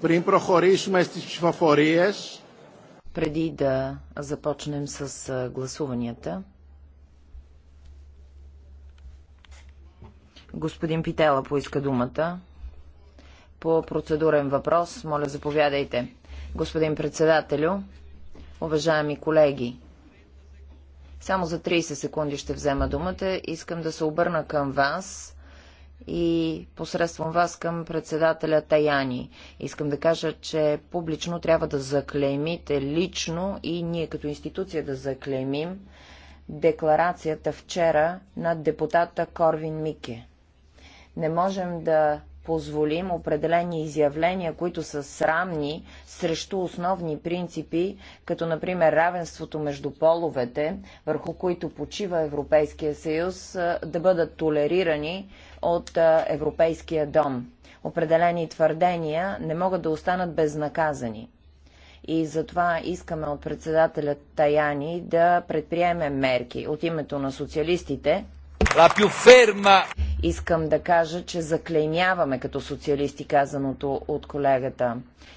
Πριν προχωρήσουμε στις ψηφοφορίες... Преди да започнем с гласуванията, господин Питела поиска думата. По процедурен въпрос, моля заповядайте. Господин председателю, уважаеми колеги, само за 30 секунди ще взема думата. Искам да се обърна към вас и посредством вас към председателя Таяни. Искам да кажа, че публично трябва да заклеймите лично и ние като институция да заклеймим декларацията вчера на депутата Корвин Мике. Не можем да позволим определени изявления, които са срамни срещу основни принципи, като например равенството между половете, върху които почива Европейския съюз, да бъдат толерирани от Европейския дом. Определени твърдения не могат да останат безнаказани. И затова искаме от председателя Таяни да предприеме мерки от името на социалистите. La più ferma Искам да кажа, че заклеймяваме като социалисти казаното от колегата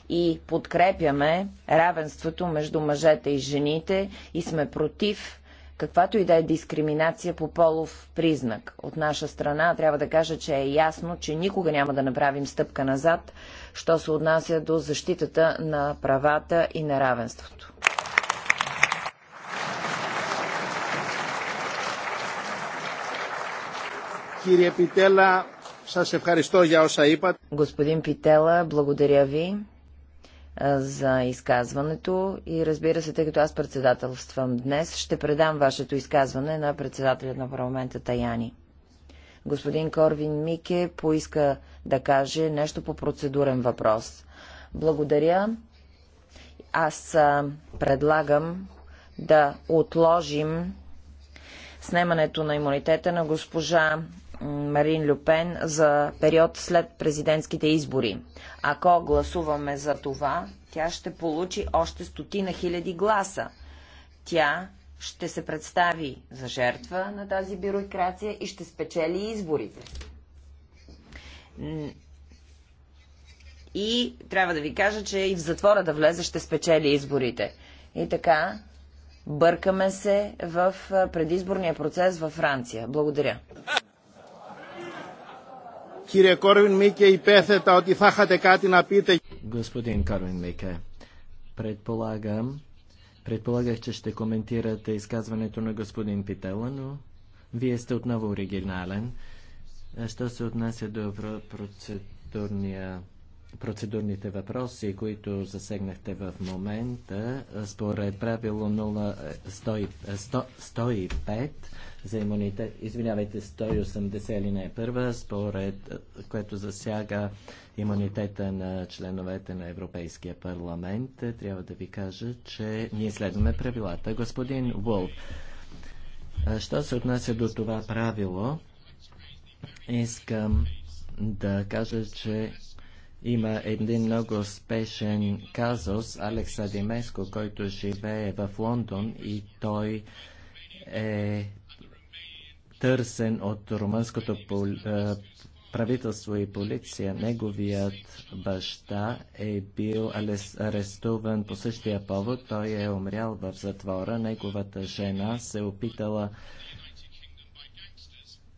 и подкрепяме равенството между мъжете и жените и сме против каквато и да е дискриминация по полов признак. От наша страна трябва да кажа, че е ясно, че никога няма да направим стъпка назад, що се отнася до защитата на правата и на равенството. Κύριε Πιτέλα, σας ευχαριστώ για όσα είπατε. Господин Питела, благодаря ви за изказването и разбира се, тъй като аз председателствам днес, ще предам вашето изказване на председателя на парламента Таяни. Господин Корвин Мике поиска да каже нещо по процедурен въпрос. Благодаря. Аз предлагам да отложим снемането на имунитета на госпожа Марин Люпен за период след президентските избори. Ако гласуваме за това, тя ще получи още стотина хиляди гласа. Тя ще се представи за жертва на тази бюрокрация и ще спечели изборите. И трябва да ви кажа, че и в затвора да влезе ще спечели изборите. И така, бъркаме се в предизборния процес във Франция. Благодаря. Κύριε Κόρβιν Μίκε, υπέθετα ότι θα είχατε κάτι να πείτε. Господин Корвин Мике, предполагам, предполагах, че ще коментирате изказването на господин Питела, но вие сте отново оригинален. Що се отнася до процедурния процедурните въпроси, които засегнахте в момента, според правило 105 за имунитет, извинявайте, 180 или не е първа, според което засяга имунитета на членовете на Европейския парламент, е, трябва да ви кажа, че ние следваме правилата. Господин Волф, що се отнася до това правило, искам да кажа, че има един много спешен казус, Алекса Димеско, който живее в Лондон и той е търсен от румънското е, правителство и полиция. Неговият баща е бил арестуван по същия повод. Той е умрял в затвора. Неговата жена се опитала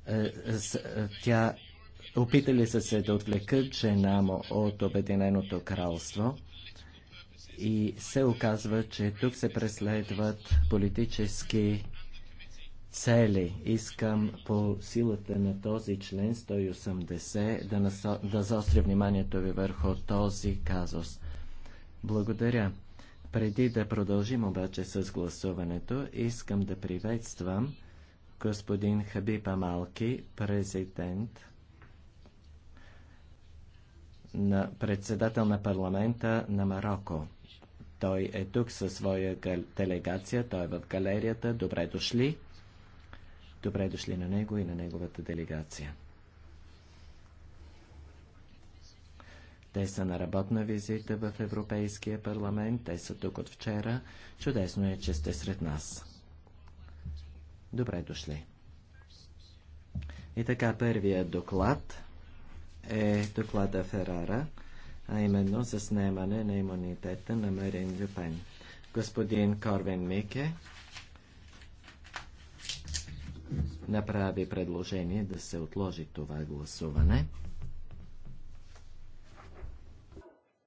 е, е, тя опитали са се да отвлекат жена му от Обединеното кралство и се оказва, че тук се преследват политически цели. Искам по силата на този член 180 да, насо... да заостря вниманието ви върху този казус. Благодаря. Преди да продължим обаче с гласуването, искам да приветствам господин Хабиб Амалки, президент на председател на парламента на Марокко. Той е тук със своя делегация, той е в галерията. Добре дошли. Добре дошли на него и на неговата делегация. Те са на работна визита в Европейския парламент. Те са тук от вчера. Чудесно е, че сте сред нас. Добре дошли. И така, първият доклад е доклада Ферара, а именно за снемане на имунитета на Марин Люпен. Господин Корвен Мике направи предложение да се отложи това гласуване.